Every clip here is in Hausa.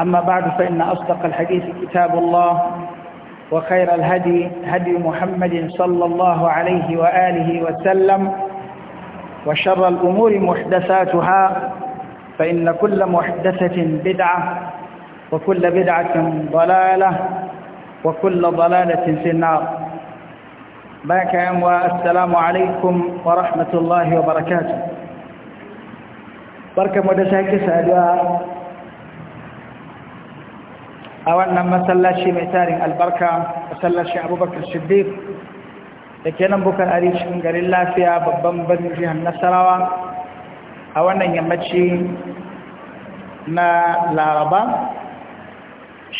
أما بعد فإن أصدق الحديث كتاب الله وخير الهدي هدي محمد صلى الله عليه وآله وسلم وشر الأمور محدثاتها فإن كل محدثة بدعة وكل بدعة ضلالة وكل ضلالة في النار باكا والسلام عليكم ورحمة الله وبركاته بركة مدسة كسادة a wannan masallaci mai tarin albarka masallaci abubakar shiddiq da ke nan bukar ari garin lafiya babban birnin jihar nasarawa a wannan yammaci na laraba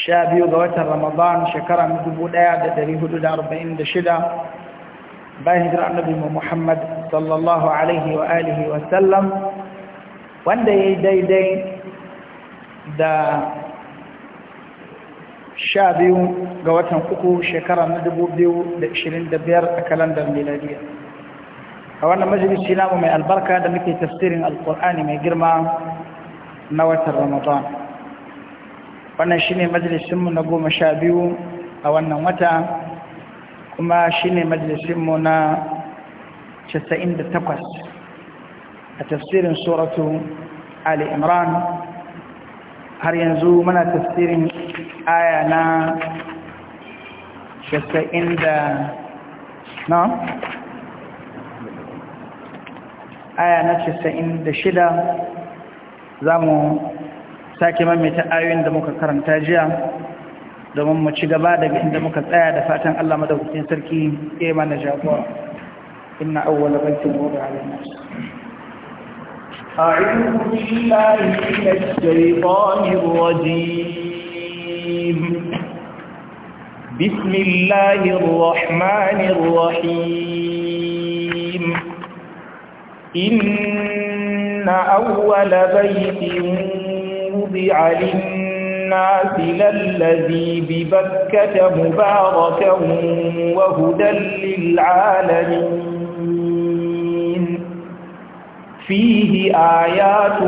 sha biyu ga watan ramadan shekaran 1446 bayan hijirar annabi muhammad sallallahu alaihi wa alihi wasallam wanda ya yi daidai da sha biyu ga watan uku shekara na dubu biyu da ishirin da biyar a kalandar miladiya a wannan majalisi namu mai albarka da muke tafsirin alkur'ani mai girma na watan ramadan wannan shine majalisinmu na goma sha biyu a wannan wata kuma shine majalisinmu na casa'in da takwas a tafsirin suratu ali imran har yanzu muna tafsirin aya na casa'in da na aya na casa'in da shida za mu sake mamita ayoyin da muka karanta jiya domin mu ci gaba daga inda muka tsaya da fatan Allah madaukakin sarki ya mana jagora inna awwala baitin wudi'a lin-nas a'udhu billahi minash shaitanir rajim بسم الله الرحمن الرحيم إن أول بيت وضع للناس للذي ببكة مباركا وهدى للعالمين فيه آيات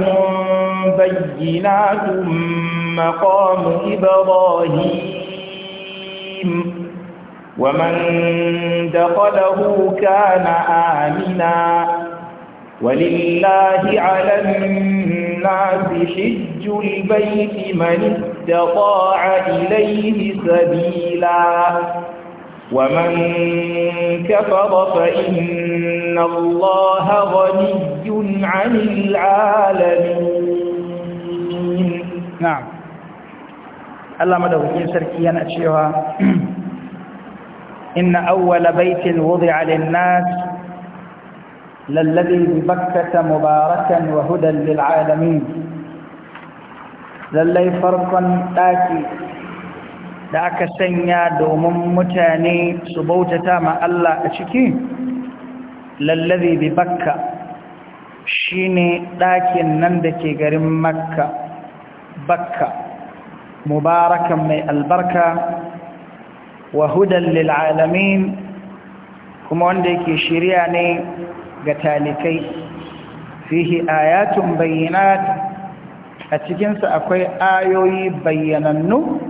بينات مقام إبراهيم الرجيم ومن دخله كان آمنا ولله على الناس حج البيت من استطاع إليه سبيلا ومن كفر فإن الله غني عن العالمين نعم Allah madaukakin sarki yana cewa inna awwala baitin wudi'a lin-nas lalladhi bi Bakkah mubarakan wa hudan lil-alamin lallai farkon daki da aka sanya domin mutane su bautata ma Allah a ciki lalladhi bi shine dakin nan da ke garin Makka Bakka مباركا من البركة وهدى للعالمين كما عندك شرياني قتالكي فيه آيات بينات أتكنس أكوي آيوي بيننو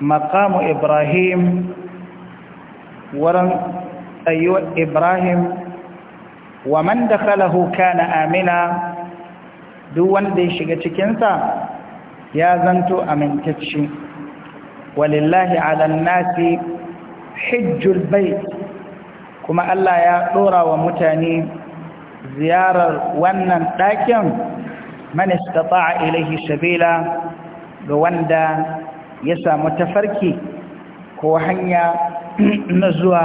مقام إبراهيم ورن أيوة إبراهيم ومن دخله كان آمنا دون دي شغتكنسا ya zanto amintacce walillahi ala nasi hijjul bait kuma Allah ya dora wa mutane ziyarar wannan ɗakin man istata'a ilayhi Shabila ga wanda ya samu tafarki ko hanya na zuwa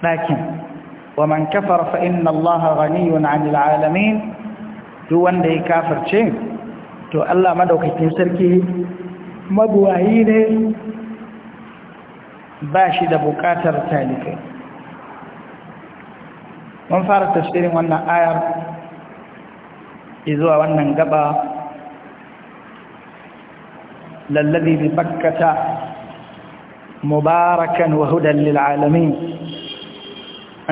ɗakin wa man kafara fa Allah ghaniyun 'anil 'alamin duk wanda ya kafarce to Allah madaukakin sarki mabuwayi ne ba shi da bukatar talibai mun fara tafsirin wannan ayar izuwa wannan gaba lallabi bi bakkata mubarakan wa hudan lil an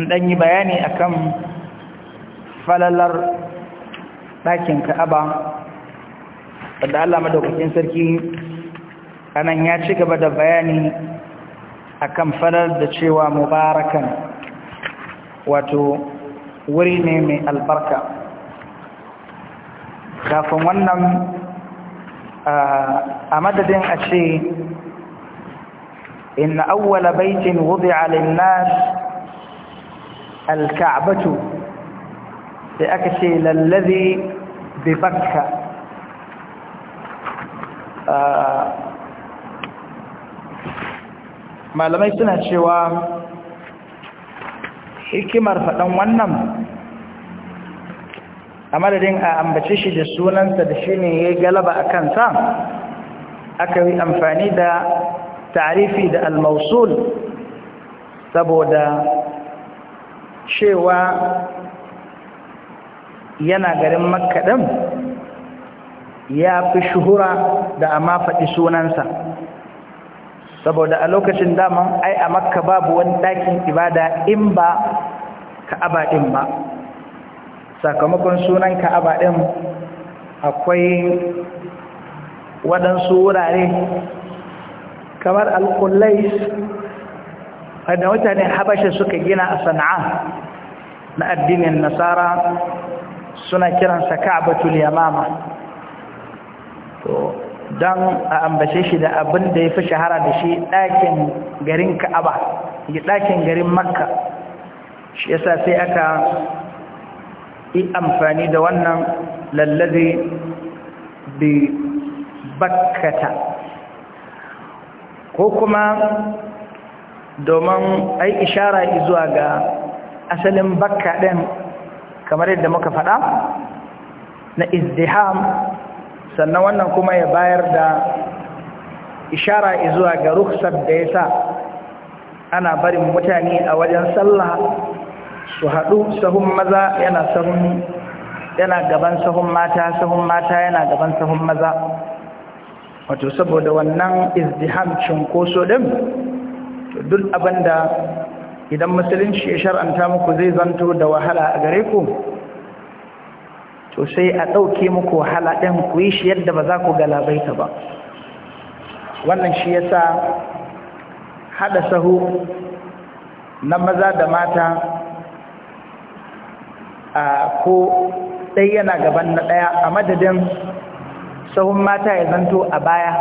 ɗan yi bayani akan falalar ɗakin ka'aba wadda Allah madaukakin sarki anan ya ci gaba da bayani akan farar da cewa mubarakan wato wuri ne mai albarka kafin wannan a madadin a ce inna awwala baitin wudi'a lin-nas al sai aka ce lallazi bi bakka Ah, malamai suna cewa hikimar faɗan wannan a madadin a ambace shi da sunansa da shi ne ya galaba a kansa aka yi amfani da tarifi da almausul saboda cewa yana garin makaɗin ya fi shuhura da amma faɗi sunansa saboda a lokacin daman ai a makka babu wani ɗakin ibada in ba ka'aba ɗin ba sakamakon sunan ka'aba ɗin akwai waɗansu wurare kamar alƙullais wadda mutane habasha suka gina a sana'a na addinin nasara suna kiransa ka'abatul yamama to don a ambace shi da abin da ya fi shahara da shi ɗakin garin ka'aba yi ɗakin garin makka shi yasa sai aka yi amfani da wannan lallazi bi bakkata ko kuma domin ai ishara zuwa ga asalin bakka ɗin kamar yadda muka faɗa na izdiham sannan wannan kuma ya bayar da ishara izuwa ga rukhsar da ya sa ana barin mutane a wajen sallah su haɗu sahun maza yana sahun yana gaban sahun mata sahun mata yana gaban sahun maza wato saboda wannan izdiham cinkoso ɗin duk abinda idan musulunci ya shar'anta muku zai zanto da wahala a gare ku to sai a ɗauke muku wahala ɗin ku yi shi yadda ba za ku galabaita ba wannan shi ya sa haɗa sahu na maza da mata a ko ɗai yana gaban na ɗaya a madadin sahun mata ya zanto a baya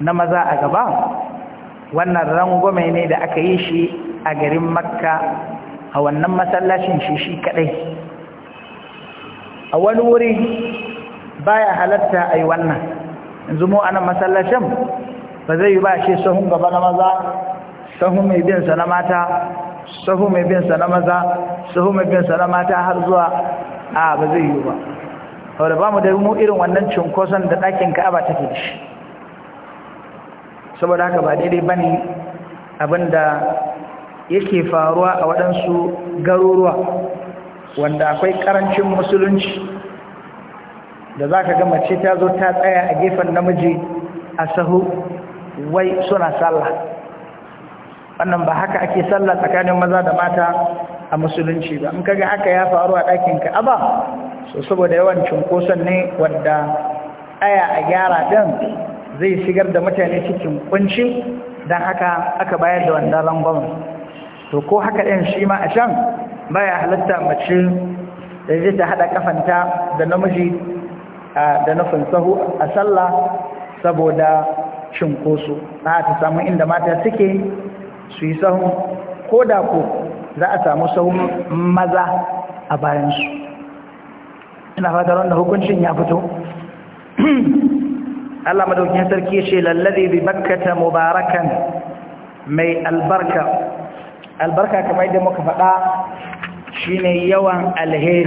na maza a gaba wannan rangwame ne da aka yi shi a garin makka a wannan masallacin shi shi kaɗai a wani wuri baya halatta yi wannan yanzu mu anan masallacin ba zai yi ba shi sahun gaba na maza sahun mai bin sa na mata sahun mai bin sa na maza sahun mai bin sa na mata har zuwa a ba zai yi ba wadda ba mu da mu irin wannan cinkoson da ɗakin ka'aba take da shi saboda haka ba daidai ba ne da yake faruwa a waɗansu garuruwa wanda akwai karancin musulunci da za ka ga mace ta zo ta tsaya a gefen namiji a sahu wai suna sallah wannan ba haka ake sallah tsakanin maza da mata a musulunci ba in kaga haka ya faru a ɗakin ka'aba so saboda yawan cunkoson ne wadda aya a gyara ɗin zai shigar da mutane cikin kunci don haka aka bayar da wannan rangwamen to ko haka ɗin shi ma a can baya halatta mace da zai ta haɗa kafanta da namiji da nufin sahu a sallah saboda cinkoso a ta samu inda mata suke su yi sahun ko da ko za a samu sahun maza a bayansu ina fatar wanda hukuncin ya fito Allah madaukin sarki ce lallazi bi bakkata mubarakan mai albarka albarka kamar yadda muka faɗa shine yawan alheri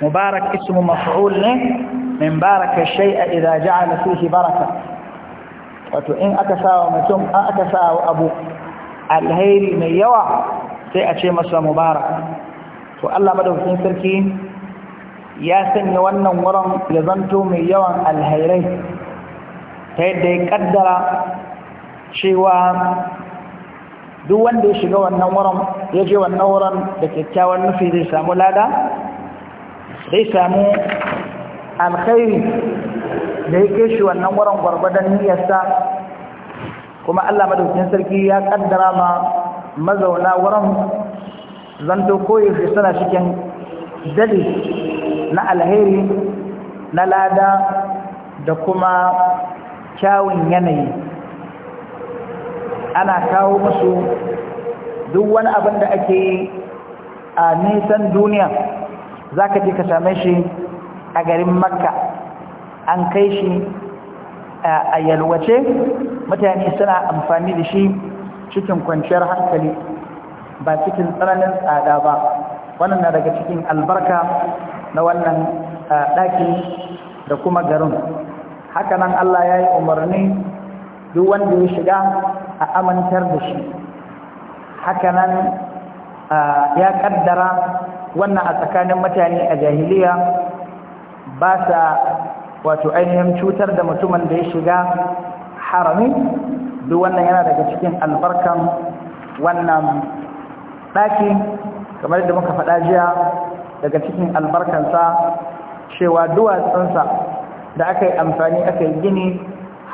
mubarak ismu maf'ul ne min baraka shay'a idza ja'ala fihi baraka wato in aka sawa mutum an aka sawa abu alheri mai yawa sai a ce masa mubarak to Allah madaukakin sarki ya sanya wannan wurin ya zanto mai yawan alhairai ta yadda ya kaddara cewa duk wanda ya shiga wannan wurin ya je wannan wurin da kyakkyawan nufi zai samu lada zai samu alkhairi da ya kai shi wannan wurin gwargwadon niyyarsa kuma Allah madaukin sarki ya kaddara ma mazauna wurin zanto fi suna cikin dali na alheri na lada da kuma kyawun yanayi ana kawo musu duk wani abin da ake a nisan duniya za ka je ka same shi a garin makka an kai shi a yalwace mutane suna amfani da shi cikin kwanciyar hankali ba cikin tsananin tsada ba wannan na daga cikin albarka na wannan ɗaki da kuma garin hakanan Allah ya yi umarni duk wanda ya shiga a amantar da shi hakanan ya kaddara wannan a tsakanin mutane a jahiliya ba sa wato ainihin cutar da mutumin da ya shiga harami duk wannan yana daga cikin albarkan wannan ɗaki kamar da muka faɗa jiya daga cikin albarkansa cewa duwatsunsa da aka yi amfani aka yi gini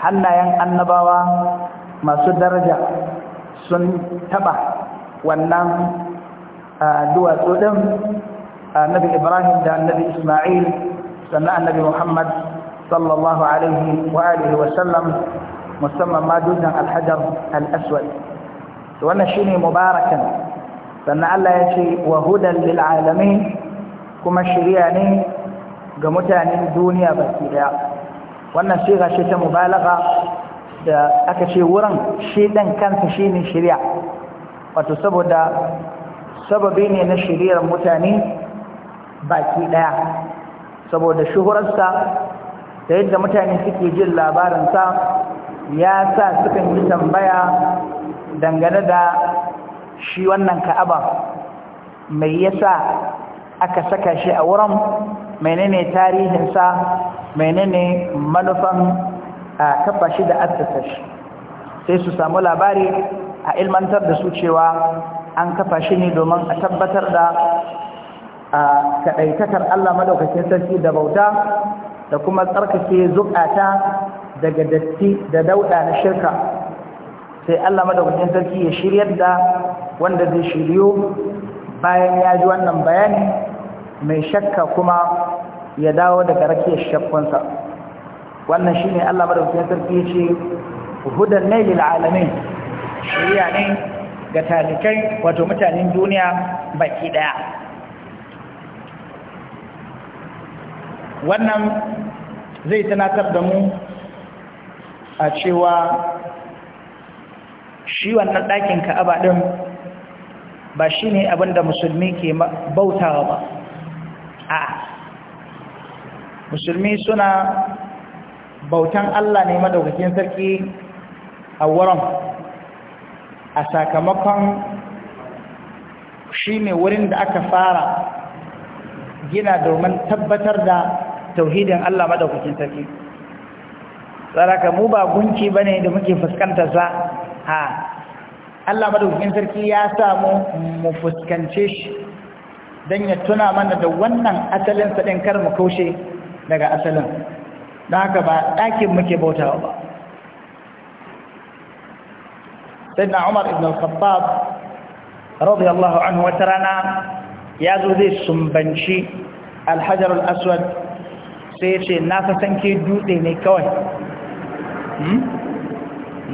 hannayen annabawa masu daraja sun taba wannan duwatsu ɗin annabi ibrahim da annabi isma'il sannan annabi muhammad sallallahu alaihi wa alihi wasallam musamman ma dutsen alhajar al'aswad wannan shine mubarakan sannan allah ya ce wa hudan lil'alamin kuma shirya ne ga mutanen duniya baki daya wannan siga ce ta mubalaga da aka ce wurin shi ɗan kansa shi ne shirya wato saboda sababi ne na shiriyar mutane baki ɗaya saboda shuhurarsa da yadda mutane suke jin labarinsa ya sa sukan yi tambaya dangane da shi wannan ka'aba mai yasa aka saka shi a wurin menene tarihinsa menene manufan kafa shi da shi sai su samu labari a ilmantar da su cewa an kafa shi ne domin a tabbatar da kaɗaitakar Allah madaukakin sarki da bauta da kuma tsarkake zukata daga datti da dauda na shirka sai Allah madaukakin sarki ya shiryar da wanda zai shiryo bayan ya ji wannan bayani mai shakka kuma ya dawo daga rake shakkunsa wannan shi ne allah madaukakin sarki ce hudan ne lil alamin shari'a ne ga talikai wato mutanen duniya baki daya wannan zai tunatar da mu a cewa shi wannan ɗakin ka'aba ɗin ba shi ne abinda musulmi ke bautawa ba a musulmi suna bautan Allah ne madaukakin sarki a wurin a sakamakon shi ne wurin da aka fara gina domin tabbatar da tauhidin Allah madaukakin sarki tsaraka mu ba gunki ba ne da muke fuskanta za a Allah madaukakin sarki ya samu mu fuskance shi don ya tuna mana da wannan asalin ɗin kar mu kaushe daga asalin don haka ba ɗakin muke bautawa ba sai na umar ibn al-khattab radiyallahu anhu wata rana ya zo zai sumbanci alhajar al-aswad sai ya ce na san ke dutse ne kawai hmm?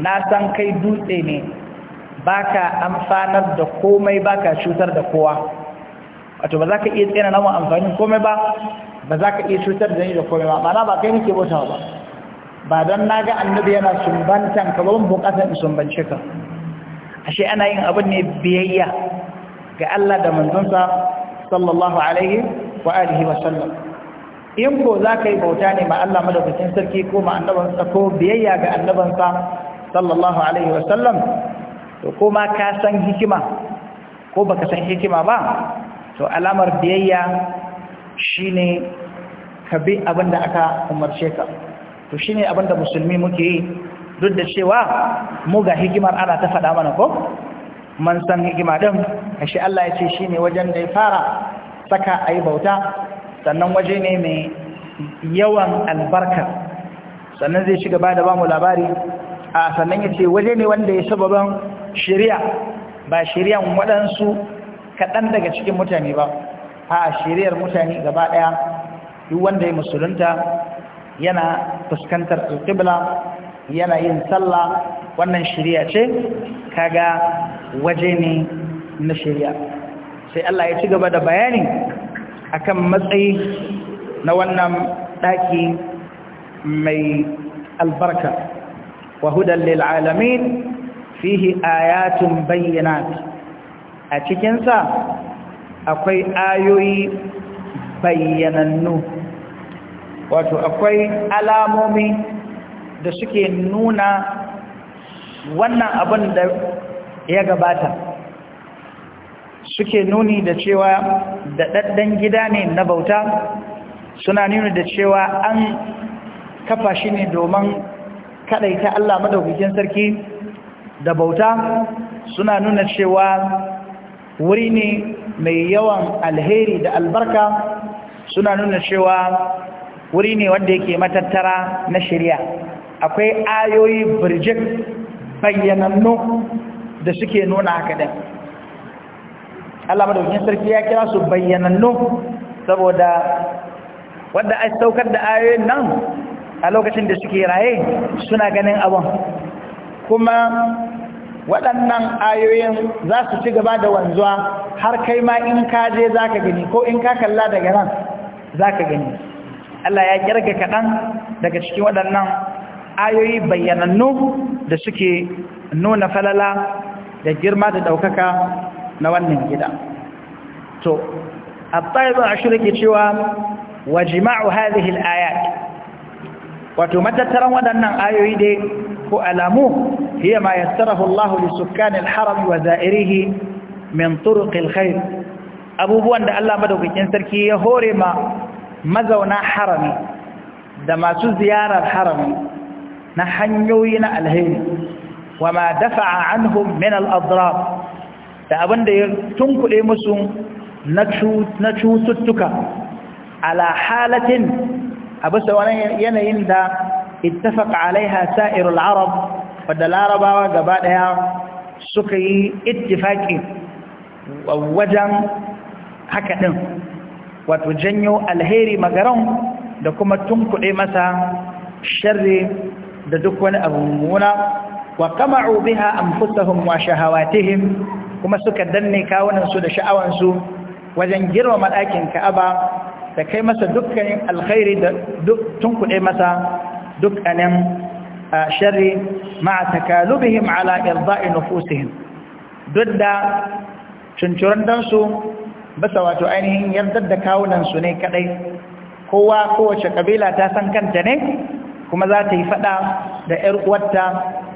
na san kai dutse ne baka amfanar da komai baka cutar da kowa wato ba za ka iya tsena namun amfani komai ba ba za ka iya cutar da ni da komai ba mana ba kai nake bota ba ba don na ga annabi yana sumbantan ka ba bukatar in sumbance ka ashe ana yin abin ne biyayya ga Allah da manzonsa sallallahu alaihi wa alihi wa sallam in ko za ka yi bauta ne ma Allah madaukakin sarki ko ma annabansa ko biyayya ga annabansa sallallahu alaihi wa sallam to ma ka san hikima ko baka san hikima ba to alamar biyayya shine ka bi abinda aka umarce ka to shine abin musulmi muke yi duk da cewa mu ga hikimar ana ta faɗa mana ko man san hikima din kashi Allah ya ce shine wajen da ya fara saka ayi bauta sannan waje ne mai yawan albarka sannan zai shiga ba da bamu labari a sannan ya ce waje ne wanda ya sababan shari'a ba shari'an waɗansu kaɗan daga cikin mutane ba a shari'ar mutane gaba ɗaya duk wanda ya musulunta yana fuskantar alƙibla yana yin sallah wannan shari'a ce kaga waje ne na shari'a sai Allah ya ci gaba da bayani akan matsayi na wannan ɗaki mai albarka wa hudan lil alamin fihi ayatun bayyana a cikinsa akwai ayoyi bayyanannu wato akwai alamomi da suke nuna wannan abin da ya gabata suke nuni da cewa da ɗaɗɗen gida ne na bauta suna nuni da cewa an kafa shi ne domin kaɗaita Allah madaukakin sarki da bauta suna nuna cewa wuri ne mai yawan alheri da albarka suna nuna cewa wuri ne wanda yake matattara na shirya akwai ayoyi birjik bayyanannu da suke nuna haka ɗin Allah madaukin sarki ya kira su bayyanannu saboda wanda a saukar da ayoyin nan a lokacin da suke raye suna ganin abin kuma waɗannan ayoyin za su ci gaba da wanzuwa har kai ma in ka je za ka gani ko in ka kalla daga nan za ka gani Allah ya kirga kaɗan daga cikin waɗannan ayoyi bayyanannu da suke nuna falala da girma da ɗaukaka na wannan gida to a tsayin ashirin ke cewa wa jima'u hadhihi al-ayat wato matattaran waɗannan ayoyi dai ko alamu hiya ma yassarahu Allah li sukkanil haram wa za'irihi min turuq khair abubuwan da Allah madaukakin sarki ya hore ma mazauna harami da masu ziyarar harami na hanyoyi na alheri wa ma dafa'a anhum min al-adrar da abinda ya tunkuɗe musu na cututtuka ala halatin a bisa wani yanayin da ittafaqa alaiha sa'irul arab wadda larabawa gaba daya suka yi ittifaki wajen haka din wato janyo alheri magaran da kuma tunkuɗe masa sharri da duk wani abu mummuna wa kama'u biha anfusahum wa shahawatihim kuma suka danne kawunan su da sha'awansu wajen girmama ɗakin Ka'aba ta kai masa dukkanin alkhairi da duk tunkuɗe masa dukkanin sharri ma'a takalubihim ala irda'i nufusihim duk da cuncuran basa wato ainihin yardar da kawunansu ne kadai kowa kowace kabila ta san kanta ne kuma za ta yi fada da ‘yar uwarta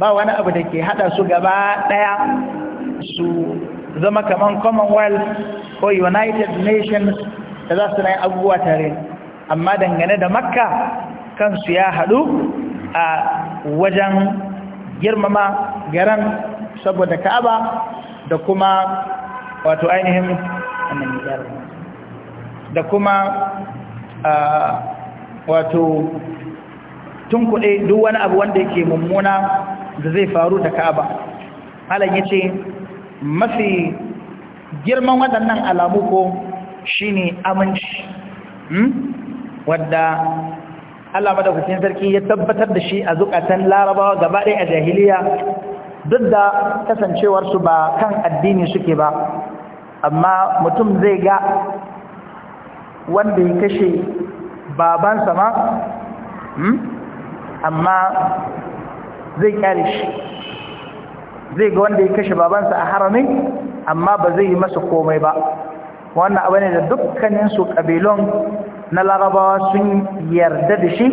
ba wani abu da ke hada su gaba daya su zama kaman commonwealth ko united nations da za su na abubuwa tare amma dangane da makka kansu ya haɗu a wajen girmama garan saboda ka'aba da kuma wato ainihin da kuma wato tun kuɗe duk wani abu wanda yake mummuna da zai faru da ka'aba halin ya mafi girman waɗannan alamu ko Shi ne aminci hmm? wadda Allah madaukakin sarki ya tabbatar da shi a zukatan larabawa gaba ɗaya a jahiliya duk da kasancewarsu ba kan addini suke ba amma mutum zai ga wanda ya kashe babansa ma hmm? amma zai kyale shi zai ga wanda ya kashe babansa a haramin amma ba zai yi masa komai ba wannan abu ne da dukkaninsu ƙabilun na larabawa sun yarda da shi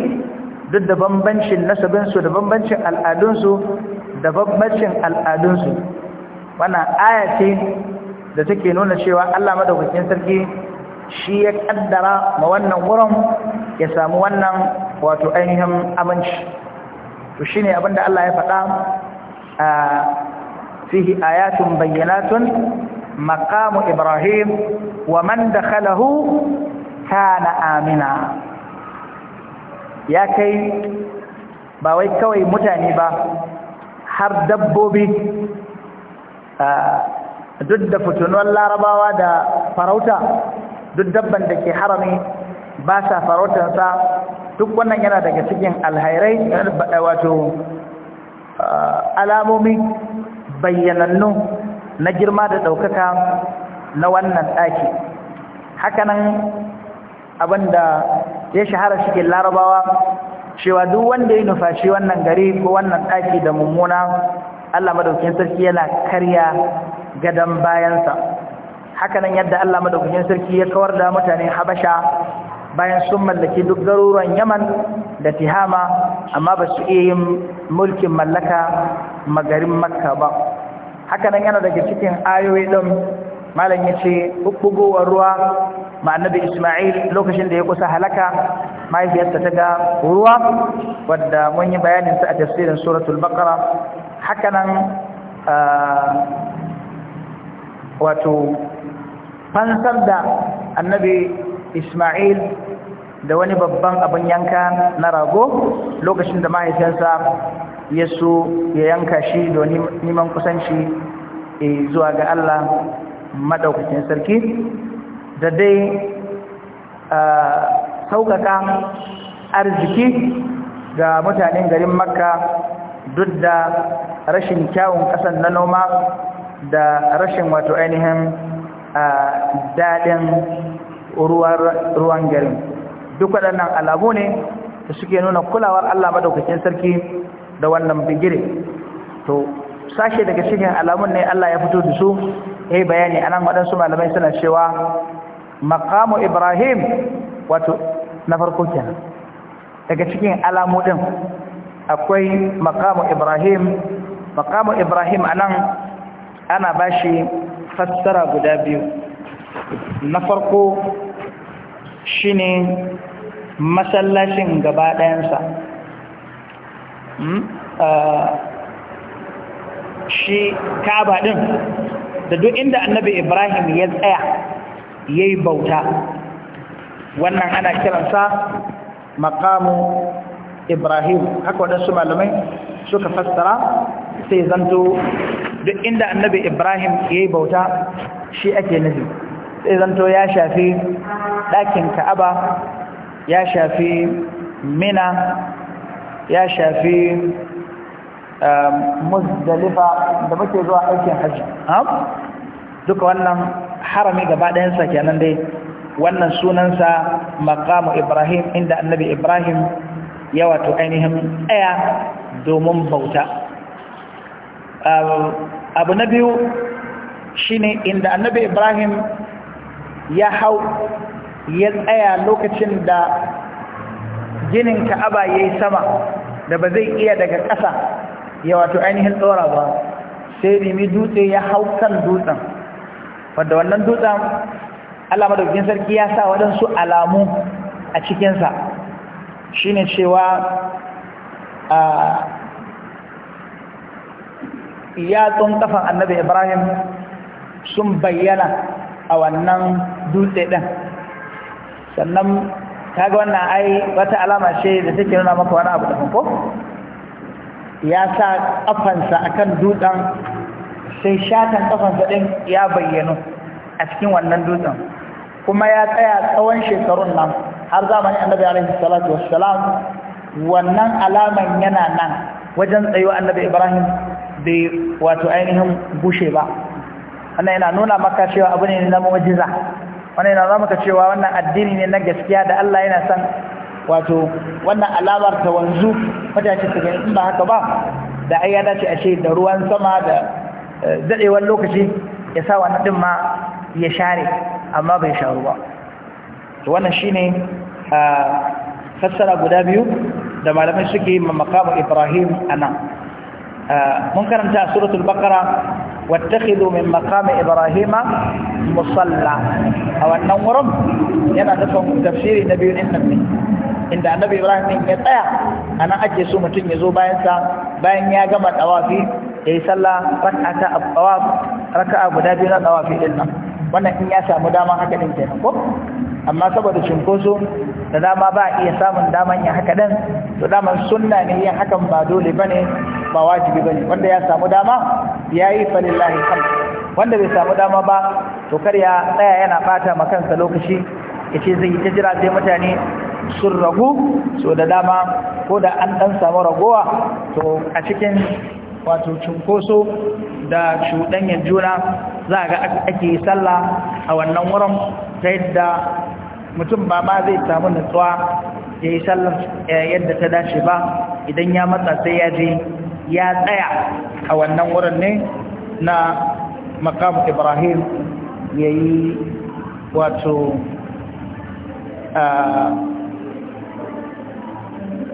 duk da bambancin nasabinsu da bambancin al'adunsu da bambancin al'adunsu wannan ayace da take nuna cewa Allah madaukakin sarki shi ya kaddara ma wannan wurin ya samu wannan wato ainihin aminci to shine abinda Allah ya faɗa a fihi ayatun bayyanatun مقام إبراهيم ومن دخله Amina. Ya kai ba wai kawai mutane ba har dabbobi duk da fitunan larabawa da farauta duk dabban da ke harami ba sa farautansa duk wannan yana daga cikin alhairai wato alamomi bayyanannu na girma da ɗaukaka na wannan ɗaki hakanan abinda ya shahara cikin larabawa cewa duk wanda ya nufashi wannan gari ko wannan ɗaki da mummuna Allah madaukin sarki yana karya gadan bayansa hakanan yadda Allah madaukin sarki ya kawar da mutane Habasha bayan sun mallaki duk garuruwan Yaman da Tihama amma ba su iya yin mulkin mallaka magarin Makka ba haka nan yana daga cikin ayoyi ɗin malam ya ce ɓuɓɓugowar ruwa ma annabi isma'il lokacin da ya kusa halaka mahaifiyarsa ta ga ruwa wadda mun yi sa a tafsirin suratul baqara haka nan wato fansar da annabi isma'il da wani babban abin yanka na rago lokacin da mahaifiyarsa ya so ya yanka shi domin neman kusanci eh, zuwa ga Allah maɗaukacin sarki da dai sauƙaƙa arziki ga mutanen garin makka duk da rashin kyawun ƙasar na noma da rashin wato ainihin daɗin ruwan garin duk waɗannan alamu ne da suke nuna kulawar Allah madaukakin sarki da wannan bigire to sashe daga cikin alamun ne Allah ya fito da su eh bayani anan waɗansu malamai suna cewa maqamu Ibrahim wato na farko kenan daga cikin alamu din akwai maqamu Ibrahim maqamu Ibrahim anan ana bashi fassara guda biyu na farko ne masallacin gaba ɗayansa hmm? ah, shi kaba ɗin da duk inda annabi ibrahim ya tsaya ya yi bauta wannan ana kiransa makamu ibrahim haka waɗansu malamai suka fassara sai zanto duk inda annabi ibrahim ya yi bauta shi ake nufi sai zanto ya shafi ɗakin ka'aba ya shafi mina ya shafi um, muzdalifa da muke zuwa aikin hajji duka wannan harami gaba ɗayansa kenan dai wannan sunansa makamu ibrahim inda annabi ibrahim ya wato ainihin ɗaya domin bauta um, abu na biyu shine inda annabi ibrahim ya hau ya tsaya lokacin da ginin ka'aba ya yi sama da ba zai iya daga ƙasa ya wato ainihin tsora ba sai nemi dutse ya hau kan dutsen wadda wannan dutsen da madaukakin sarki ya sa waɗansu alamu a cikinsa shi ne cewa yatsun ƙafan annabi ibrahim sun bayyana a wannan dutse ɗin sannan ta ga wannan ai wata alama ce da take nuna maka wani abu da ko ya sa kafansa akan dutsen sai shatan kafansa ɗin ya bayyano a cikin wannan dutsen kuma ya tsaya tsawon shekarun nan har zamanin annabi alaihi salatu wassalam wannan alaman yana nan wajen tsayuwa annabi ibrahim bai wato ainihin bushe ba wannan yana nuna maka cewa abu ne na mu'jiza wannan yana nuna maka cewa wannan addini ne na gaskiya da Allah yana son wato wannan alamar ta wanzu mutane su gani in ba haka ba da ai ya dace a ce da ruwan sama da eh, dadewar lokaci ya sa wannan din ma ya share amma bai sharu ba to wannan shine ah, fassara guda biyu da malamai suke yi makamu Ibrahim anan ah, mun karanta suratul baqara واتخذوا من مقام ibrahima مصلى أو wurin yana nufin tafsiri na biyu ɗin nan ne inda annabi ibrahim ɗin ya tsaya a nan ake so mutum ya zo bayansa bayan ya gama ɗawafi ya yi sallah raka'a guda biyu na ɗawafi ɗin nan wannan in ya samu dama haka din kenan ko amma saboda cinkoso da dama ba iya samun dama yin haka din to dama sunna ne yin hakan ba dole bane ba wajibi bane wanda ya samu dama yayi lillahi hamd wanda bai samu dama ba to kar ya tsaya yana bata ma kansa lokaci yace zai ta jira sai mutane sun ragu so da dama ko da an dan samu ragowa to a cikin wato cunkoso da shuɗanyar juna za ga ake yi sallah a wannan wurin ta yadda mutum ba ba zai samu natsuwa ya yi sallar eh, yadda ta dace ba idan ya matsa sai ya je ya tsaya a wannan wurin ne na makamu ibrahim ya yi wato eh,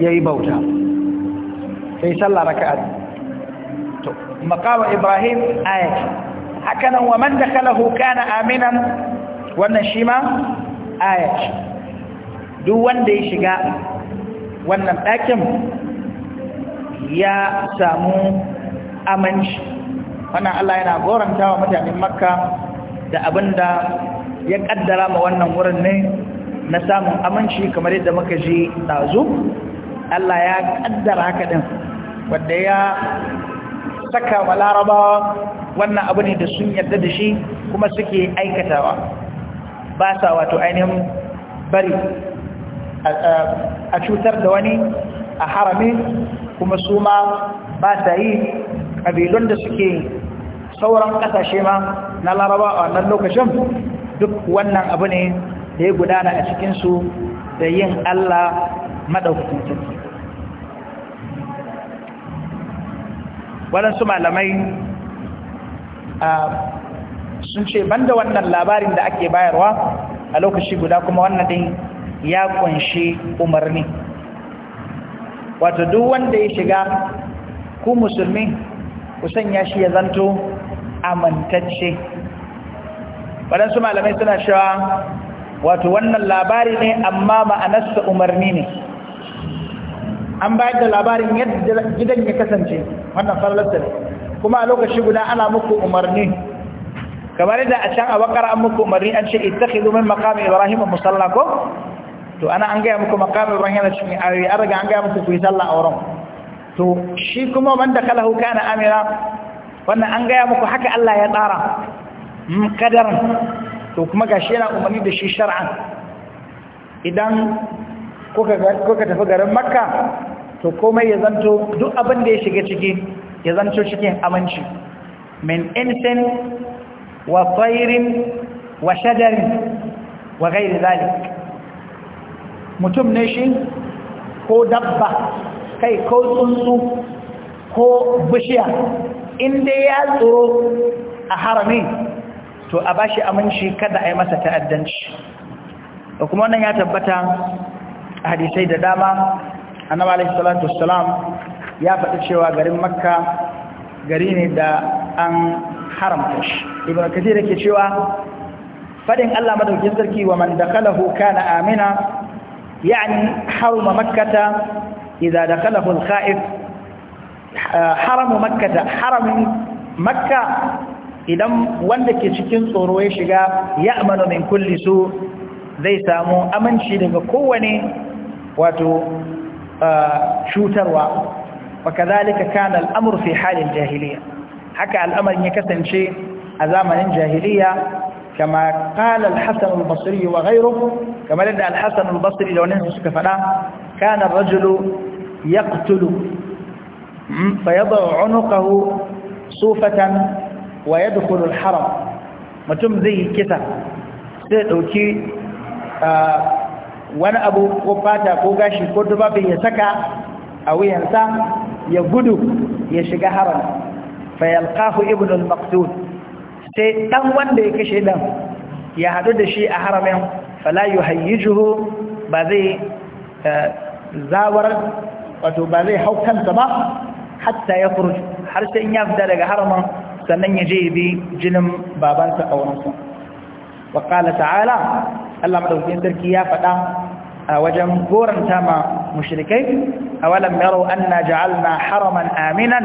ya yi bauta sai sallah raka'a to maqama ibrahim ayat hakanan wa man dakhalahu kana aminan wannan shi ma ayat duk wanda ya shiga wannan ɗakin ya samu aminci wannan Allah yana goranta wa mutanen makka da abinda ya kaddara ma wannan wurin ne na samun aminci kamar yadda muka ji ɗazu Allah ya kaddara haka ɗin wadda ya saka wa larabawa wannan abu ne da sun yarda da shi kuma suke aikatawa ba sa wato ainihin bari a cutar da wani a harami kuma su ma ba sa yi ƙabilun da suke sauran ƙasashe ma na Larabawa a wannan lokacin duk wannan abu ne da ya gudana a cikinsu da yin Allah maɗaukakin waɗansu malamai sun ce banda wannan labarin da ake bayarwa a lokaci guda kuma wannan din ya kunshi umarni wato duk wanda ya shiga ku musulmi ku sanya shi ya zanto amintacce waɗansu malamai suna cewa wato wannan labari ne amma ma'anarsa umarni ne an bayar da labarin yadda gidan ya kasance wannan falalarsa ne kuma a lokaci guda ana muku umarni kamar da a can a bakara an muku umarni an ce ittakhidhu min maqami ibrahim musalla ko to ana an gaya muku maqami ibrahim da cikin ayoyi an riga an gaya muku ku yi sallah a wurin to shi kuma man da kalahu kana amira wannan an gaya muku haka Allah ya tsara kadarin hmm, to kuma gashi yana umarni da shi shar'an idan kuka tafi garin makka to komai ya zanto duk abin da ya shiga ciki ya zanto cikin aminci min insin wa tsairin wa shadarin wa gairi zalik mutum ne shi ko dabba kai ko tsuntsu ko bishiya inda ya tsoro a harami to a ba shi aminci kada a yi masa ta'addanci da kuma wannan ya tabbata hadisai da dama annaba alaihi salatu wassalam ya faɗi cewa garin makka gari ne da an haramta shi ibn kathir yake cewa fadin Allah madaukakin sarki wa man dakhalahu kana amina yani haruma makkata idza dakhalahu al-kha'if haramu makkata haramin makka idan wanda ke cikin tsoro ya shiga ya amana min kulli su zai samu aminci daga kowane wato cutarwa wa kadhalika kana al'amru fi halin jahiliya haka al'amarin ya kasance a zamanin jahiliya kama qala al-hasan al-basri wa ghayruhu kama da basri da wannan suka fada kana ar-rajulu yaqtulu hmm, fayadau 'unuqahu sufatan wa haram mutum zai kisa sai ɗauki ah, wani abu ko fata ko gashi ko dubabi ya saka a wuyansa ya gudu ya shiga haram fayalqahu ibn al-maqtul sai dan wanda ya kashe dan ya hadu da shi a haramin fala yuhayyijuhu ba zai eh, zawar wato ba zai hau kansa ba hatta ya furuj har sai in ya fita daga haramin sannan ya je bi jinin babansa a wurinsa wa ta'ala Allah madaukakin sarki ya faɗa a wajen goranta ma mushrikai awalam yarau anna ja'alna haraman aminan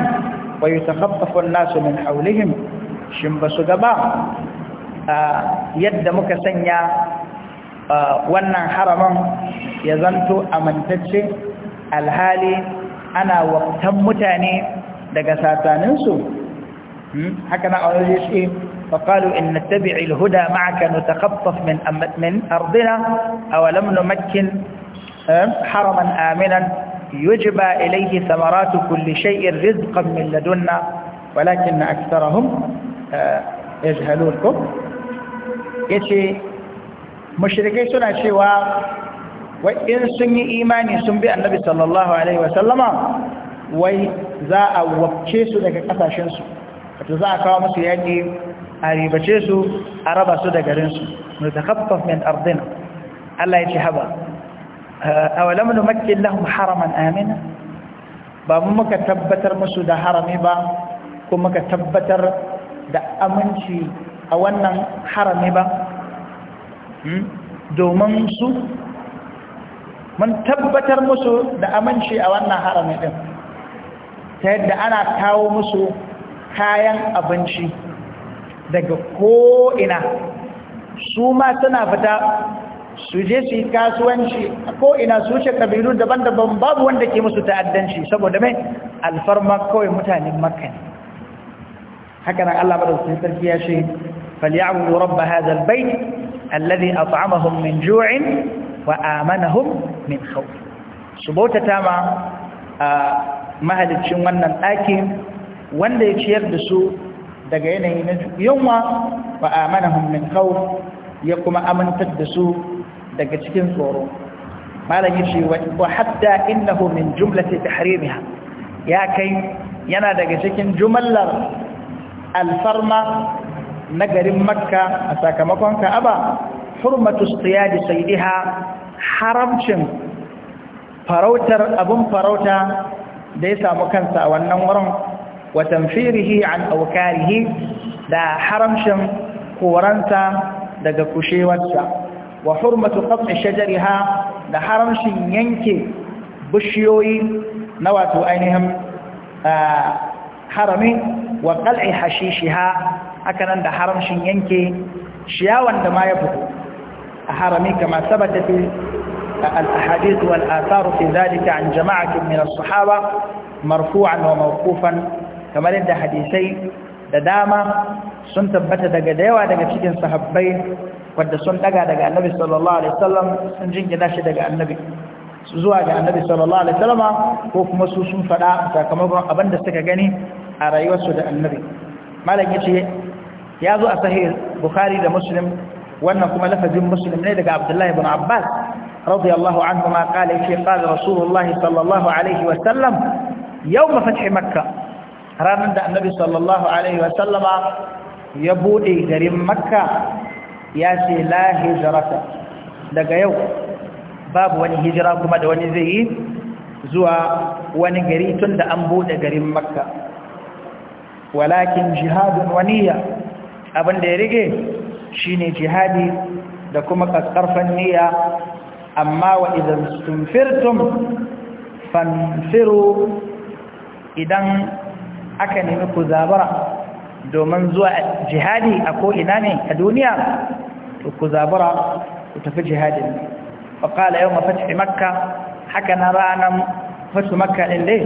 wa yatakhaffafu an-nasu min hawlihim shin basu gaba yadda muka sanya wannan haraman ya zanto amintacce alhali ana waftan mutane daga sataninsu hmm, haka a aure shi فقالوا إن نتبع الهدى معك نتخطف من من أرضنا لم نمكن آه، حرما آمنا يجبى إليه ثمرات كل شيء رزقا من لدنا ولكن أكثرهم آه، يجهلونكم يتي مشركي سنة شواء وإن سني إيماني بأن النبي صلى الله عليه وسلم وإذا أوبكيسوا سنة قطع شنسو فتزاع قوم سيادي يعني a ribace su a raba su da garinsu mu takaffaf min ardina Allah ya ci haba eh, awalam numakkin lahum haraman amina ba mu muka tabbatar musu da harami ba ko muka tabbatar da aminci a wannan harami ba hmm? domin su mun tabbatar musu da aminci a wannan harami din ta yadda ana kawo musu kayan abinci daga ko'ina su ma suna fita su je su yi kasuwanci a ko'ina su ce kabilu daban-daban babu wanda ke musu ta'addanci saboda mai alfarma kawai mutanen makka ne haka nan Allah madaukakin sarki ya ce falyabudu rabb hadha albayt alladhi at'amahum min ju'in wa amanahum min khawf subota tama ah, mahalicin wannan ɗakin wanda ya ciyar da su daga yanayi na yunwa fa amanahum min khawf ya kuma amintar da su daga cikin tsoro malami yace wa hatta innahu min ta tahrimiha ya kai yana daga cikin jumallar alfarma na garin makka a sakamakon ka'aba hurmatu istiyadi saidiha haramcin farautar abun farauta da ya samu kansa a wannan wurin wa tamfirihi an aukarihi da haramshin koranta daga kushewarsa wa hurmatu qat'i shajariha da haramshin yanke bishiyoyi na wato ainihin harami wa qal'i hashishiha hakanan da haramshin yanke ciyawan da ma ya fito a harami kama sabata fi al-ahadith wal atharu fi dhalika an jama'atin min as-sahaba marfu'an wa mawqufan kamar yadda hadisai da dama sun tabbata daga dayawa daga cikin sahabbai wadda sun daga daga annabi sallallahu alaihi wasallam sun jingina shi daga annabi su zuwa ga annabi sallallahu alaihi wasallam ko kuma su sun fada sakamakon abin da suka gani a rayuwarsu da annabi malam yace ya zo a sahih bukhari da muslim wannan kuma lafazin muslim ne daga abdullahi ibn abbas radiyallahu anhu ma qala yace qala rasulullahi sallallahu alaihi wasallam yawm fath makkah ranar da annabi sallallahu alaihi wasallama ya bude garin makka ya ce la hijrata daga yau babu wani hijira kuma da wani zai yi zuwa wani gari tun da an bude garin makka walakin jihadun waniya abin da ya rige shine jihadi da kuma kaskarfan niyya amma wa idan stumfirtum fanfiru idan aka nemi ku zabara domin zuwa jihadi a ko'ina ne a duniya to ku zabara ku tafi jihadin faƙala yau mafashi makka haka na ranar fashi makka ɗin dai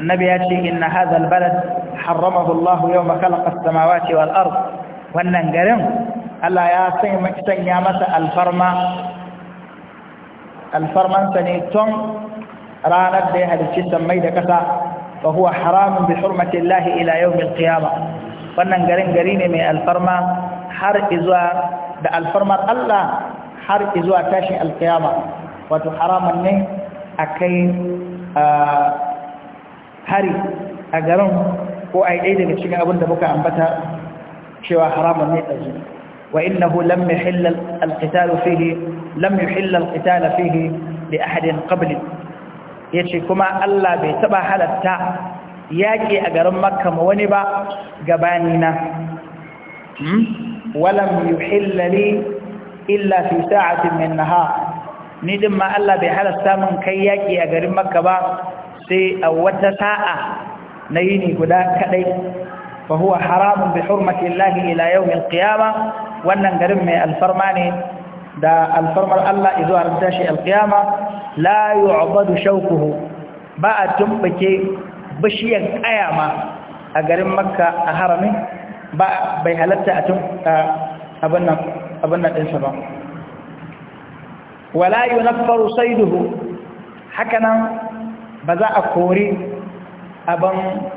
annabi ya ce inna hazal albalad harramahu Allah yau makalakar samawa ce wal'ar wannan garin Allah ya sanya masa alfarma alfarmansa ne ton ranar da ya halicci sammai da kasa fa huwa haramun bi hurmati Allah ila wannan garin gari ne mai alfarma har izuwa da alfarmar Allah har izuwa tashin alkiyama wato haramun ne a kai hari a garin ko a yi daga cikin abin da muka ambata cewa haramun ne dazu wa innahu lam yahilla al-qital fihi lam yahilla al-qital fihi li ahadin qabli ya ce kuma Allah bai taɓa halatta yaƙi a garin makka ma wani ba gabanina hmm? walam yuhillali illa fi sa'atin min naha ni din ma Allah bai halasta mun kai yaƙi a garin makka ba sai a wata sa'a na yini guda kaɗai fa huwa haramun bi hurmatillahi ila yawm al wannan garin mai alfarma ne da alfarmar Allah izuwa ran tashi alkiyama la yu'badu shawquhu ba a tumbake bishiyan kayama a garin makka a harami ba bai halatta a tun abin nan abin ba. din sa ba wala yunaffaru hakanan ba za a kori abin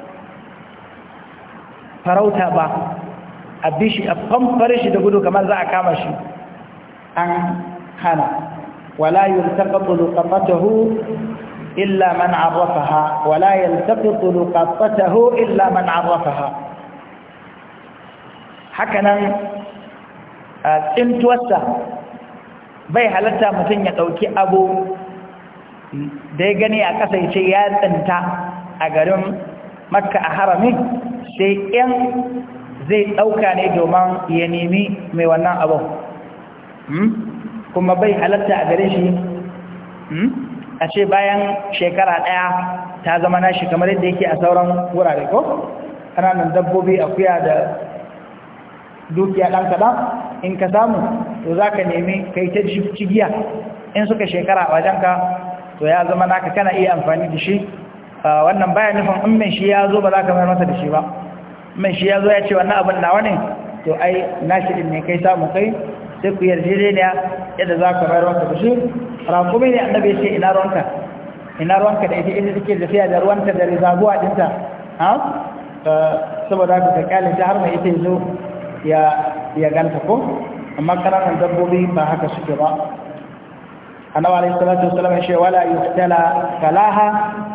farauta ba a bishi a famfare shi da gudu kamar za a kama shi an hana wala yultaqatu luqatahu illa man arrafaha wala yaltaqitu luqatahu illa man arrafaha hakanan tsintuwarsa bai halatta mutum ya dauki abu da ya gani a ƙasa ya ya tsinta a garin makka a harami sai in zai ɗauka ne domin ya nemi mai wannan abu Hmm? kuma bai halatta a gare shi hmm? a ce bayan shekara ɗaya ta zama nashi kamar yadda yake a sauran wurare ko ƙananan dabbobi a kuya da dukiya ɗan kaɗan in ka samu to za ka nemi ka yi ta cigiya in suka shekara a wajenka to ya zama naka kana iya amfani da shi wannan baya nufin in mai shi ya zo ba za ka mai masa da shi ba mai shi ya zo ya ce wannan abin nawa ne to ai nashi ne kai samu kai sai ku yarjejeniya yadda za ka bayar wanka bashir rakumi ne annabi ya ce ina ruwanka ina ruwanka da ita inda take tafiya da ruwanka da rizabuwa dinta ha saboda ka kalle ta har mai ita zo ya ya ganta ko amma kananan dabbobi ba haka suke ba annabi alayhi salatu wasallam ya ce wala yuqtala falaha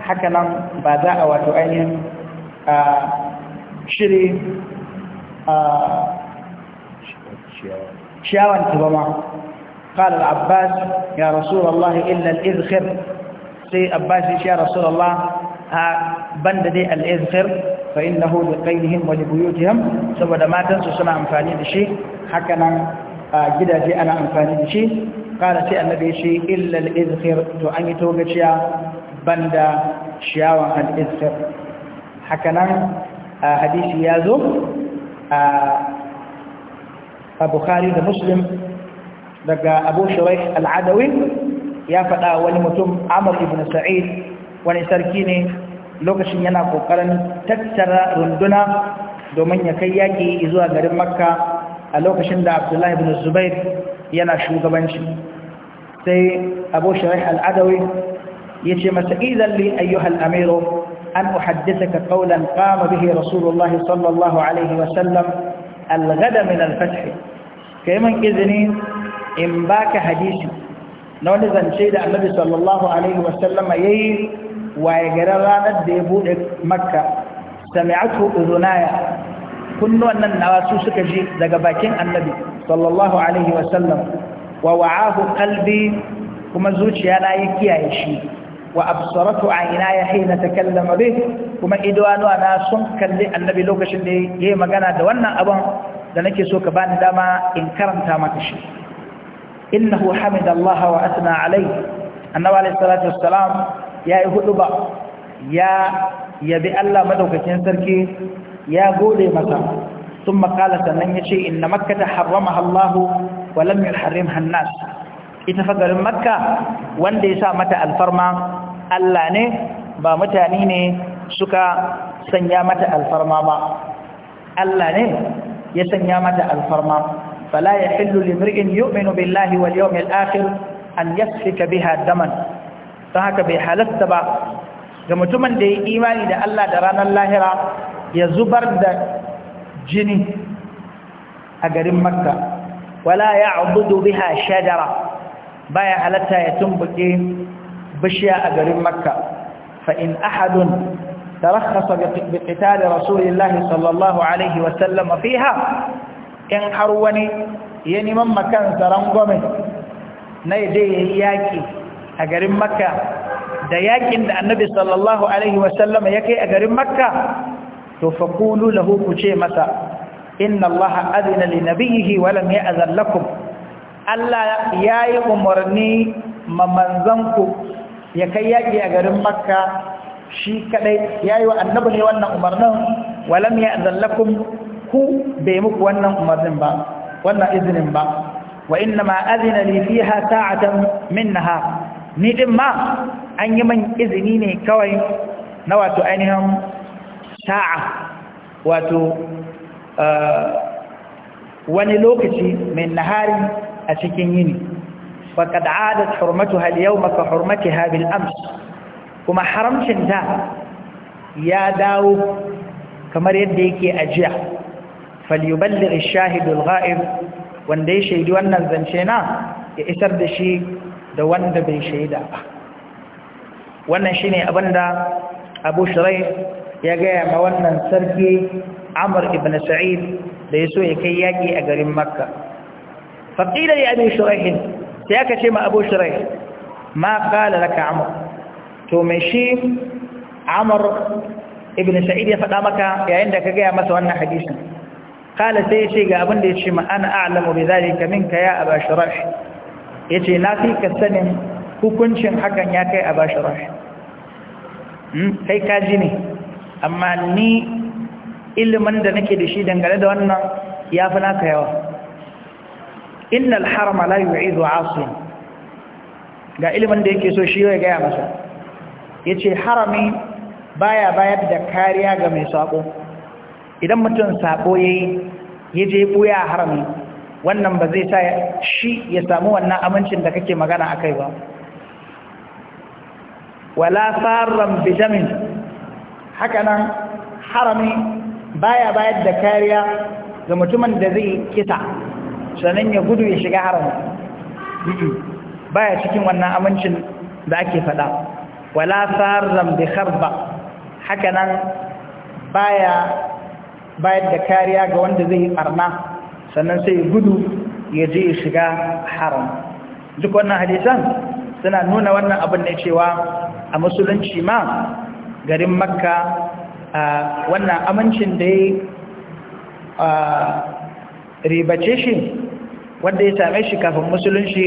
haka nan ba za a wato ainihin shiri a shiri شاوان تبما قال العباس يا رسول الله إلا الإذخر سي عباس يا رسول الله بند دي الإذخر فإنه لقيلهم ولبيوتهم سبدا ما تنسوا سنة أنفاني لشي حكنا جدا جي أنا أنفاني لشي قال سي النبي شي إلا الإذخر تؤني توقشيا بند شاوان الإذخر حكنا حديث يازو البخاري ده مسلم ده أبو شريح العدوي يا فتاة ولمتم عمر بن سعيد ونساركيني لوكش ينا قرن تكسر رندنا دومن يكياكي إزوى غرب مكة لوكش ينا عبد الله بن الزبير ينا شوق بنشي سي أبو شريح العدوي يجي مسئيدا لي أيها الأمير أن أحدثك قولا قام به رسول الله صلى الله عليه وسلم الغد من الفتح kai yi man izini in baka hadisi na wani zance da annabi sallallahu alaihi wasallama ya waye garin ranar da ya buɗe makka sami'atu uzunaya kunnuwan nan nawa su suka ji daga bakin annabi sallallahu alaihi wasallam wa wa'ahu qalbi kuma zuciya na yi kiyaye shi wa absaratu aynaya hina takallama bih kuma idwanuwa na sun kalli annabi lokacin da yayi magana da wannan abun da nake so ka bani dama in karanta maka shi innahu hamidallahi wa asna alayhi annabi alayhi salatu wassalam yayi huduba ya yabi Allah madaukakin sarki ya gode masa thumma qala sannan yace inna makkata harramaha Allah wa lam yuharrimha an-nas ita fa makka wanda yasa mata alfarma Allah ne ba mutane ne suka sanya mata alfarma ba Allah ne ya sanya mata alfarma fala yahillu limri'in yu'minu billahi wal yawmil akhir an yasfika biha daman don haka bai halasta ba ga mutumin da ya imani da Allah da ranar lahira ya zubar da jini a garin makka wala ya'budu biha shajara baya halatta ya tumbuke bishiya a garin makka fa in ahadun ترخص بقتال رسول الله صلى الله عليه وسلم فيها إن حروني يعني من مكان سرنقمه نيدي ياكي أقرم مكة da yaƙin da annabi sallallahu alaihi wasallam ya kai a garin makka to fa qulu lahu ku ce masa inna allaha adina li nabiyhi wa lam ya'zan lakum allah yayi umarni ma ya kai yaki a garin makka shi kadai yayi wa annabi ne wannan umarnin walam ya'zan ku bai muku wannan umarnin ba wannan izinin ba wa inna ma azina li fiha sa'atan minha ni din ma an yi min izini ne kawai na wato ainihin sa'a wato eh, wani lokaci mai nahari a cikin yini faqad 'adat hurmatuha al-yawma ka hurmatiha bil amsi kuma haramcinta ya dawo kamar yadda yake ajiya falyuballigh shahidul ghaib wanda ya shaidi wannan zance na ya isar da shi da wanda bai shaida ba wannan shine abinda Abu shirai ya gaya ma wannan sarki amur ibn Sa'id da ya so ya kai yaƙi a garin Makka faqila li Abi Shuraih sai aka ce ma Abu shirai ma qala laka amur. to mai shi amur ibn sa'id ya faɗa maka yayin da ka gaya masa wannan hadisin kala sai ya ce ga abin da ya ce ma'ana a'lamu bi zalika minka ya aba shurash ya ce na fi ka sanin hukuncin hakan ya kai aba shurash hmm, kai kaji ne amma ni ilimin da nake da shi dangane da wannan ya fi naka yawa innal harama la a asim ga ilimin da yake so shi ya gaya masa ya ce harami baya bayar da kariya ga mai saƙo idan mutum saƙo ya yi ya je ɓuya harami wannan ba zai sa shi ya samu wannan amincin da kake magana a kai ba wala tsarin bijamin hakanan harami baya bayar da kariya ga mutumin da zai kisa sannan ya gudu ya shiga harami baya cikin wannan amincin da ake faɗa wala sarran bi kharba hakanan baya bayar da kariya ga wanda zai yi sannan sai gudu ya je ya shiga haram duk wannan hadisan suna nuna wannan abin da cewa a musulunci ma garin makka wannan amincin da ya ribace shi wanda ya same shi kafin musulunci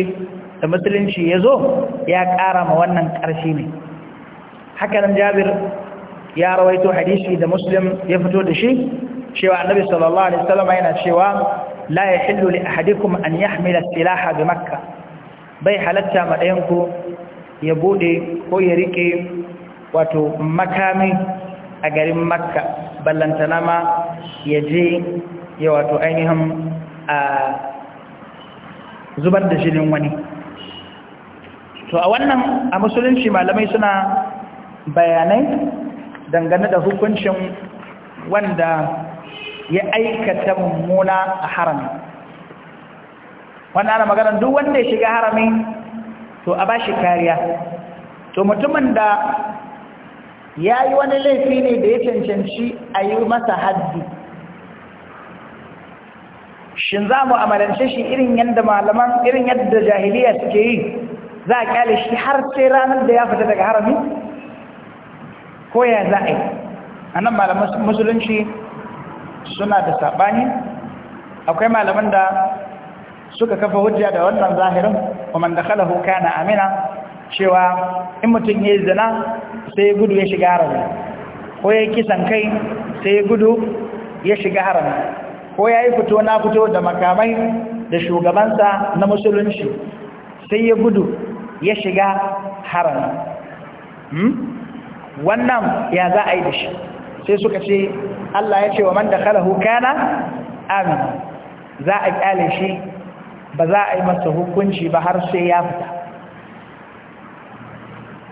da musulunci ya zo ya ƙara ma wannan ƙarfi ne haka nan jabir ya rawaito hadisi da muslim ya fito da shi cewa annabi sallallahu alaihi wasallam yana cewa la yahillu li ahadikum an yahmila silaha bi makkah bai halatta ma ɗayan ku ya bude ko ya rike wato makami a garin makka ballantana ma ya je ya wato ainihin a zubar da jinin wani to a wannan a musulunci malamai suna bayanai dangane da hukuncin wanda ya aikata mummuna a harami wanda ana magana duk wanda ya shiga harami to a ba shi kariya to mutumin da ya yi wani laifi ne da ya cancanci a yi masa haddi shin za mu amalance shi irin yadda malaman irin yadda jahiliya suke yi za a kyale shi har sai ranar da ya fita daga harami ko ya za a yi a nan malaman musulunci suna da saɓani akwai malaman da suka kafa hujja da wannan zahirin kuma da kalahu kana amina cewa in mutum ya zina sai ya gudu ya shiga harami ko ya yi kisan kai sai ya gudu ya shiga harami ko ya yi fito na fito da makamai da shugabansa na musulunci sai ya gudu ya shiga harami hmm? wannan ya za a yi da shi sai suka ce Allah ya ce wa man dakhalahu kana amin za a kyale shi ba za a yi masa hukunci ba har sai ya fita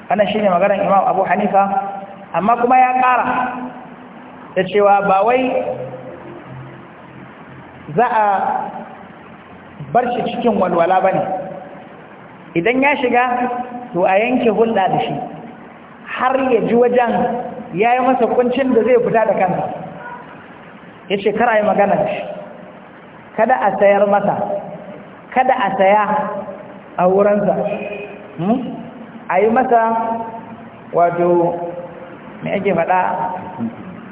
wannan shine maganar Imam Abu Hanifa amma kuma ya ƙara da cewa ba wai za a bar shi cikin walwala ba ne idan ya shiga to a yanke hulɗa da shi har ya ji wajen ya yi masa kuncin da zai fita da kansa ya ce kara yi magana shi kada a sayar masa kada a saya a wurinsa hmm? a yi masa wato mai ake faɗa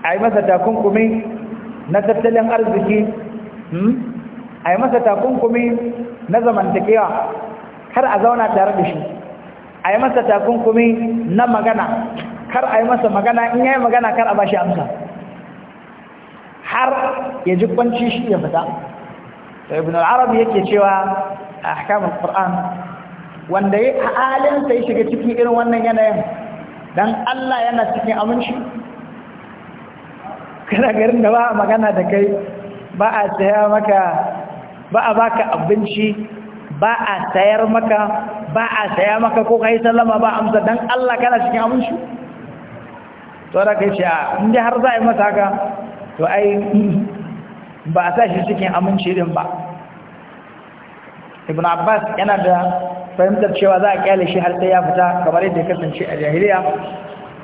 a yi masa takunkumi na tattalin arziki hmm? a yi masa takunkumi na zamantakewa kar a zauna tare da shi a yi masa takunkumi na magana kar a yi masa magana in ya yi magana kar a ba shi amsa har ya ji kwanci shi ya fita da ibn al-arabi yake cewa a hakamun qur'an wanda ya halinsa ya shiga cikin irin wannan yanayin don Allah yana cikin aminci kana garin da ba magana da kai ba a tsaye maka ba a baka abinci ba a sayar maka ba a saya maka ko kai sallama ba amsa dan Allah kana cikin abun shi to da kai in inda har za a yi masa haka to ai ba a sa shi cikin aminci din ba ibn abbas yana da fahimtar cewa za a kyale shi har sai ya fita kamar yadda ya kasance a jahiliya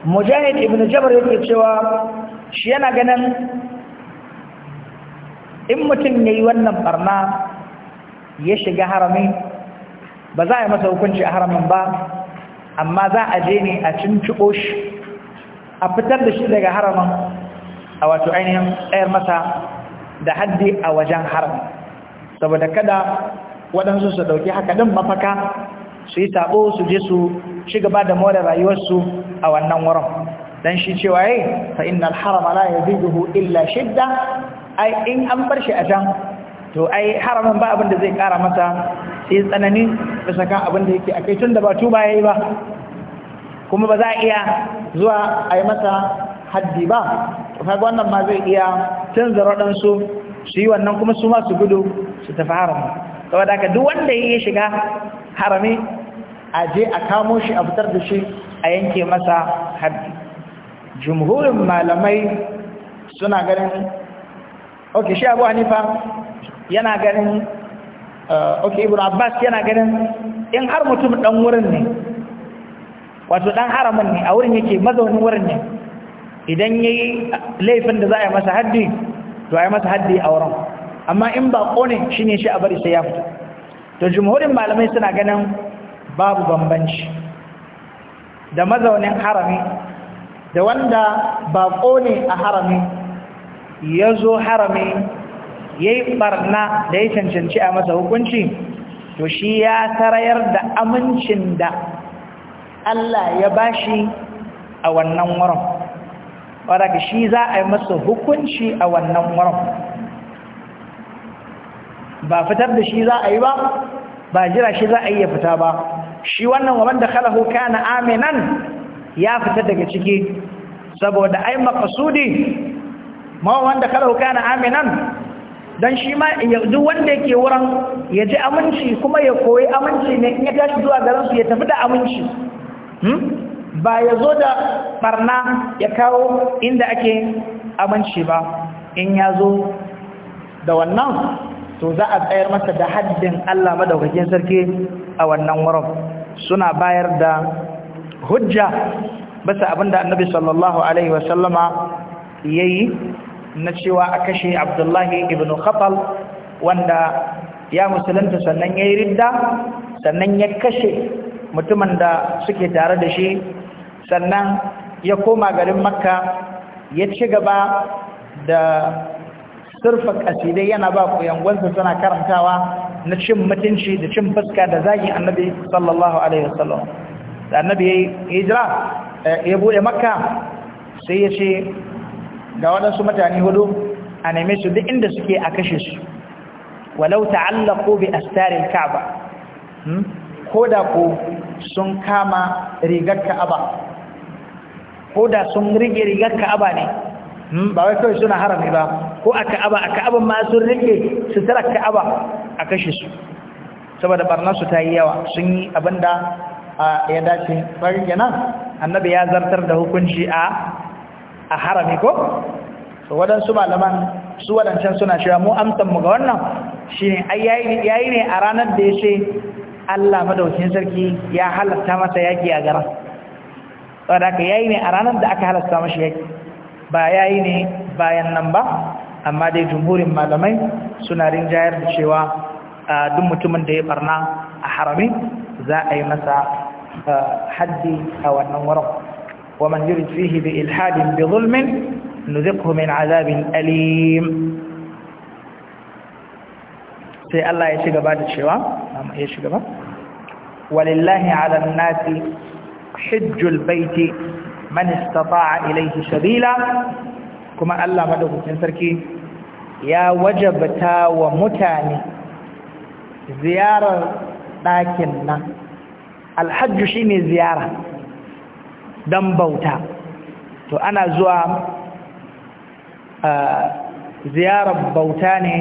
mujahid ibn jabr yake cewa shi yana ganin in mutum ya yi wannan barna ya shiga harami ba za a yi masa hukunci a haramin ba amma za a je ne a cintuɓo shi a fitar da shi daga haramin a wato ainihin tsayar masa da haddi a wajen haramin saboda kada waɗansu su ɗauki haka ɗin mafaka su yi taɓo su je su ci gaba da more rayuwarsu a wannan wurin dan shi cewa yi eh, fa innal harama zai duhu illa shidda ai in an bar shi a can to ai haramin ba abin da zai kara masa sai tsanani da saka abin da yake akai tun da ba tuba yayi ba kuma ba za a iya zuwa a yi masa haddi ba kaga wannan ma zai iya canza waɗansu su yi wannan kuma su ma su gudu su tafi harami saboda haka duk wanda ya shiga harami a je a kamo shi a fitar da shi a yanke masa haddi jumhurin malamai suna ganin ok shi abu hanifa yana ganin eh, ok ibn abbas yana ganin in har mutum dan wurin ne wato dan haramun ne a wurin yake mazaunin wurin ne idan ya yi laifin da za a yi masa haddi to a yi masa haddi a wurin amma in ba ƙone shi ne shi a bari sai ya fita to jimhurin malamai suna ganin babu bambanci da mazaunin harami da wanda ba ƙone a harami ya zo harami yayi barna da ya cancanci a masa hukunci to shi ya tarayar da amincin da Allah ya bashi a wannan wurin wadda shi za a yi masa hukunci a wannan wurin ba fitar da shi za a yi ba ba jira shi za a yi ya fita ba shi wannan wanda huka na aminan ya fita daga ciki saboda ai makasudi ma wanda huka na aminan don shi ma duk wanda yake wurin ya ji aminci kuma ya koyi aminci ne in ya tashi zuwa garinsu ya tafi da aminci hmm? ba ya zo da barna ya kawo inda ake aminci ba in ya zo da wannan to za a tsayar masa da haddin Allah madaukakin sarki a wannan wurin suna bayar da hujja bisa abinda annabi sallallahu alaihi wasallama yayi na cewa a kashe abdullahi ibn khatal wanda ya musulunta sannan ya yi ridda sannan ya kashe mutumin da suke tare da shi sannan ya koma garin makka ya ci gaba da surfa kasidai yana ba kuyangwansa suna karantawa na cin mutunci da cin fuska da zagin annabi sallallahu alaihi wasallam da annabi ya yi hijira eh, ya bude makka sai ya ce ga waɗansu mutane hudu a neme su duk inda suke a kashe su walau ta'allaqu bi astarin ka'aba hmm? da ko sun kama rigar ka'aba ko da sun rige rigar ka'aba ne hmm? ba wai kawai suna harami ba ko a ka'aba a ka'aban ma sun rige su tara ka'aba a kashe su saboda barnarsu ta yi yawa sun yi abinda ya dace farin kenan annabi ya zartar da hukunci a a harami ko so waɗansu malaman su waɗancan suna cewa mu mu ga wannan shi ne yayi ne a ranar da ya ce Allah madaukin sarki ya halatta masa yaƙi a gara saboda haka yayi ne a ranar da aka halatta masa yaƙi ba yayi ne bayan nan ba amma dai jumhurin malamai suna rinjayar da cewa duk mutumin da ya barna a harami za a yi masa haddi a wannan wurin ومن يرد فيه بإلحاد بظلم نذقه من عذاب أليم سي الله يشيغ بعد الشواء يشيغ بعد ولله على الناس حج البيت من استطاع إليه سبيلا كما الله مدوك تنسركي يا وجبتا ومتاني زيارة لكن الحج شيني زيارة don bauta to ana zuwa ziyarar bauta ne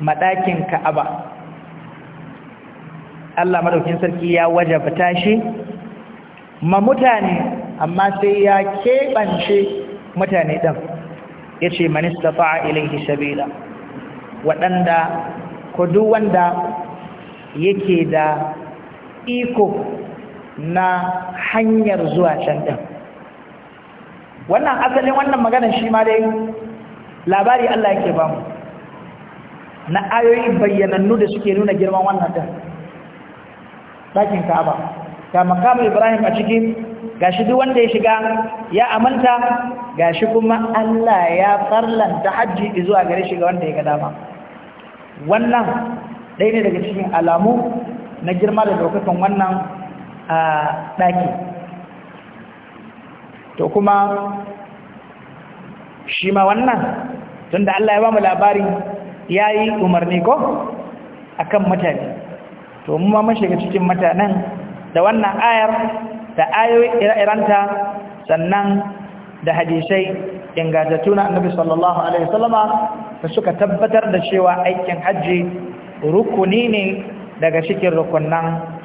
maɗakin ka'aba Allah madaukin sarki ya wajabta shi ma mutane amma sai ya keɓance mutane ɗan. ya ce manista fa'a ilaihi shabila waɗanda ko duk wanda yake da iko na hanyar zuwa can ɗin wannan asalin wannan magana shi ma dai labari Allah yake ba mu na ayoyi bayyanannu da suke nuna girman wannan ɗin ɗakin ka'aba ga makamu ibrahim a cikin shi duk wanda ya shiga ya amanta ga shi kuma Allah ya farlanta hajji zuwa gare shi ga wanda ya ga dama wannan ɗaya ne daga cikin alamu na girma da daukakan wannan a ɗaki to kuma shi ma wannan da Allah ya ba mu labarin ya yi umarni ko a kan mutane to mu ma mun shiga cikin mutanen da wannan ayar da ayoyi ire-irenta sannan da hadisai ingantattu na annabi sallallahu alaihi wasallama da suka tabbatar da cewa aikin hajji rukuni ne daga cikin rukunan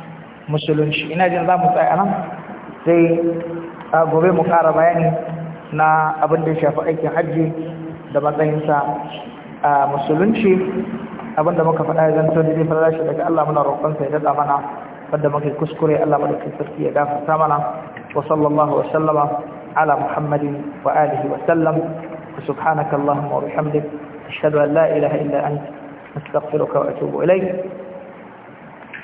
musulunci ina jin za mu tsaya nan sai a gobe mu kara bayani na abin da ya shafi aikin hajji da matsayinsa a musulunci abin da muka faɗa zan tsohon da zai fara shi daga Allah muna roƙonsa ya daɗa mana wanda muka kuskure Allah madaukakin sarki ya gafarta mana wa sallallahu wa sallama ala muhammadin wa alihi wa sallam subhanaka allahumma wa bihamdik ashhadu an la ilaha illa anta astaghfiruka wa atubu ilayk